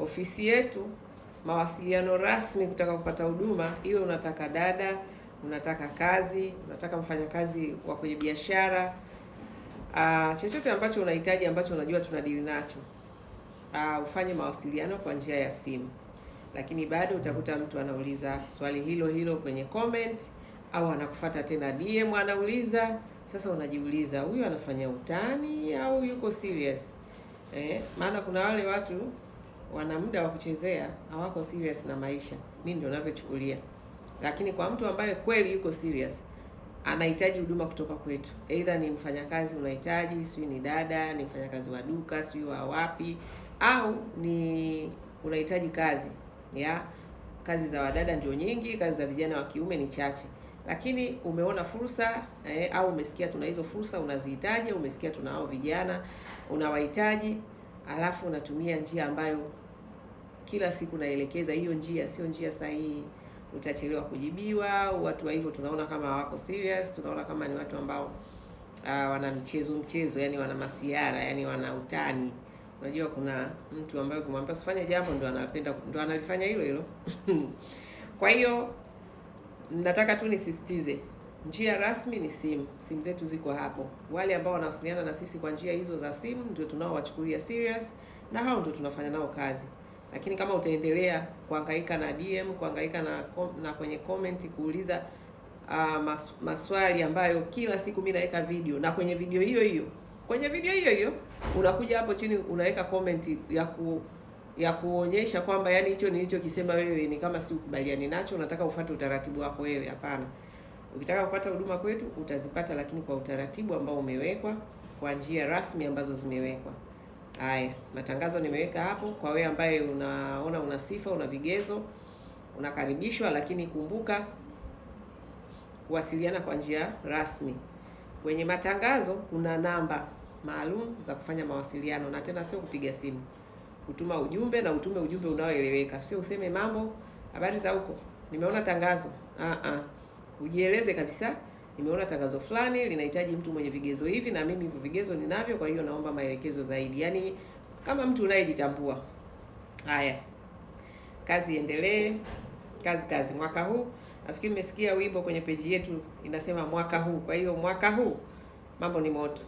ofisi yetu mawasiliano rasmi kutaka kupata huduma, iwe unataka dada, unataka kazi, unataka mfanyakazi wa kwenye biashara, ah, chochote ambacho unahitaji ambacho unajua tunadili nacho, aa, ah, ufanye mawasiliano kwa njia ya simu. Lakini bado utakuta mtu anauliza swali hilo hilo kwenye comment au anakufata tena DM anauliza. Sasa unajiuliza huyu anafanya utani au yuko serious? Eh, maana kuna wale watu wana muda wa kuchezea, hawako serious na maisha. Mimi ndio ninavyochukulia, lakini kwa mtu ambaye kweli yuko serious anahitaji huduma kutoka kwetu, aidha ni mfanyakazi unahitaji, sijui ni dada, ni mfanyakazi wa duka, sijui wa wapi, au ni unahitaji kazi ya kazi za wadada ndio nyingi, kazi za vijana wa kiume ni chache, lakini umeona fursa eh, au umesikia tuna hizo fursa unazihitaji, umesikia tunao vijana unawahitaji, alafu unatumia njia ambayo kila siku naelekeza hiyo njia sio njia sahihi, utachelewa kujibiwa. Watu wa hivyo tunaona kama hawako serious, tunaona kama ni watu ambao uh, wana mchezo mchezo, yani wana masiara, yani wana utani. Unajua kuna mtu ambaye kumwambia usifanye jambo ndo anapenda ndo analifanya hilo hilo kwa hiyo nataka tu nisisitize njia rasmi ni simu. Simu zetu ziko hapo. Wale ambao wanawasiliana na sisi kwa njia hizo za simu ndio tunaowachukulia serious na hao ndio tunafanya nao kazi lakini kama utaendelea kuhangaika na DM, kuhangaika na, na kwenye comment kuuliza uh, mas, maswali ambayo kila siku mimi naweka video na kwenye video hiyo hiyo kwenye video hiyo hiyo unakuja hapo chini unaweka comment ya ku ya kuonyesha kwamba yani hicho nilichokisema wewe ni kama si ukubaliani nacho, unataka ufuate utaratibu wako wewe. Hapana, ukitaka kupata huduma kwetu utazipata, lakini kwa utaratibu ambao umewekwa, kwa njia rasmi ambazo zimewekwa. Haya, matangazo nimeweka hapo. Kwa wewe ambaye unaona una sifa, una vigezo, unakaribishwa, lakini kumbuka kuwasiliana kwa njia rasmi. Kwenye matangazo kuna namba maalum za kufanya mawasiliano, na tena sio kupiga simu, kutuma ujumbe, na utume ujumbe unaoeleweka, sio useme mambo habari za huko, nimeona tangazo. Ah ah, ujieleze kabisa nimeona tangazo fulani linahitaji mtu mwenye vigezo hivi, na mimi hivyo vigezo ninavyo, kwa hiyo naomba maelekezo zaidi. Yani kama mtu unayejitambua. Haya, kazi iendelee, kazi kazi. Mwaka huu nafikiri mmesikia wimbo kwenye peji yetu inasema mwaka huu. Kwa hiyo mwaka huu mambo ni moto.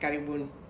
Karibuni.